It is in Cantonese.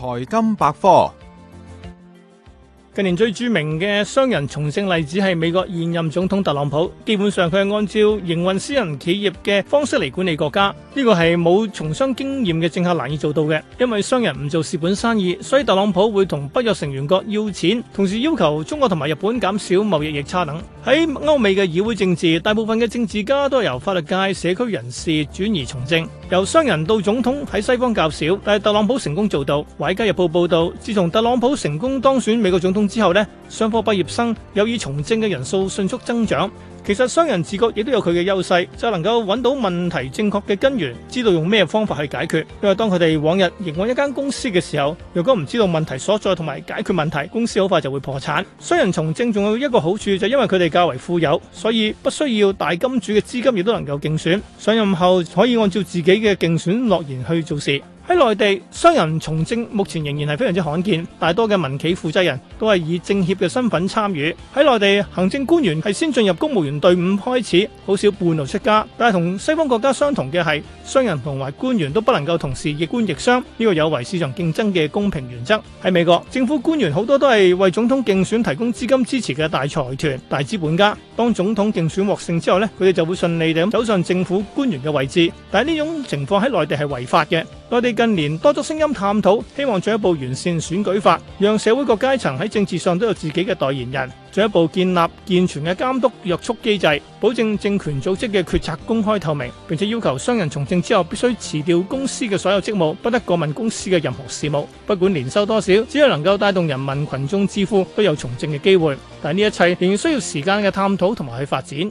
財經百科。近年最著名嘅商人從政例子係美國現任總統特朗普，基本上佢係按照營運私人企業嘅方式嚟管理國家，呢個係冇從商經驗嘅政客難以做到嘅，因為商人唔做蝕本生意，所以特朗普會同北約成員國要錢，同時要求中國同埋日本減少貿易逆差等。喺歐美嘅議會政治，大部分嘅政治家都係由法律界、社區人士轉而從政，由商人到總統，喺西方較少，但係特朗普成功做到。《華爾街日報》報道，自從特朗普成功當選美國總統。之後呢，商科畢業生有意從政嘅人數迅速增長。其實商人自覺亦都有佢嘅優勢，就能夠揾到問題正確嘅根源，知道用咩方法去解決。因為當佢哋往日營運一間公司嘅時候，如果唔知道問題所在同埋解決問題，公司好快就會破產。商人從政仲有一個好處，就因為佢哋較為富有，所以不需要大金主嘅資金，亦都能夠競選。上任後可以按照自己嘅競選諾言去做事。喺內地商人從政目前仍然係非常之罕見，大多嘅民企負責人都係以政協嘅身份參與。喺內地，行政官員係先進入公務員隊伍開始，好少半路出家。但係同西方國家相同嘅係，商人同埋官員都不能夠同時亦官亦商，呢個有違市場競爭嘅公平原則。喺美國，政府官員好多都係為總統競選提供資金支持嘅大財團、大資本家。當總統競選獲勝之後呢，佢哋就會順利地走上政府官員嘅位置。但係呢種情況喺內地係違法嘅，內地。近年多咗聲音探討，希望進一步完善選舉法，讓社會各階層喺政治上都有自己嘅代言人；進一步建立健全嘅監督約束機制，保證政權組織嘅決策公開透明，並且要求商人從政之後必須辭掉公司嘅所有職務，不得過問公司嘅任何事務，不管年收多少，只要能夠帶動人民群眾致富，都有從政嘅機會。但係呢一切仍然需要時間嘅探討同埋去發展。